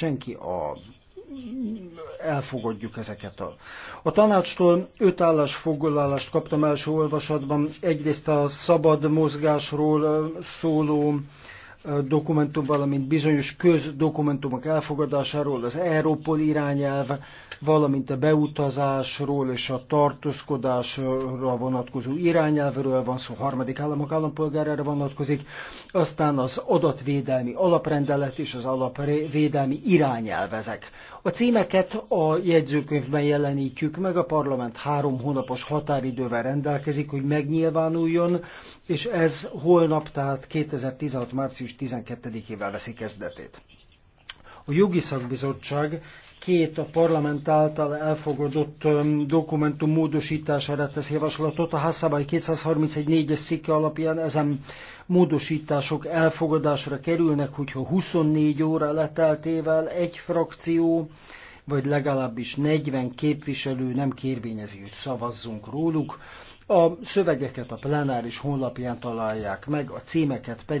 senki a elfogadjuk ezeket a... A tanácstól öt állásfoglalást kaptam első olvasatban. Egyrészt a szabad mozgásról szóló dokumentum, valamint bizonyos közdokumentumok elfogadásáról, az Európol irányelv, valamint a beutazásról és a tartózkodásra vonatkozó irányelvről van szó, harmadik államok állampolgárára vonatkozik, aztán az adatvédelmi alaprendelet és az alapvédelmi irányelvezek. A címeket a jegyzőkönyvben jelenítjük meg, a parlament három hónapos határidővel rendelkezik, hogy megnyilvánuljon, és ez holnap, tehát 2016. március március 12-ével veszi kezdetét. A jogi szakbizottság két a parlament által elfogadott dokumentum módosítására tesz javaslatot. A házszabály 231.4-es szikke alapján ezen módosítások elfogadásra kerülnek, hogyha 24 óra leteltével egy frakció, vagy legalábbis 40 képviselő nem kérvényezi, hogy szavazzunk róluk. A szövegeket a plenáris honlapján találják meg, a címeket pedig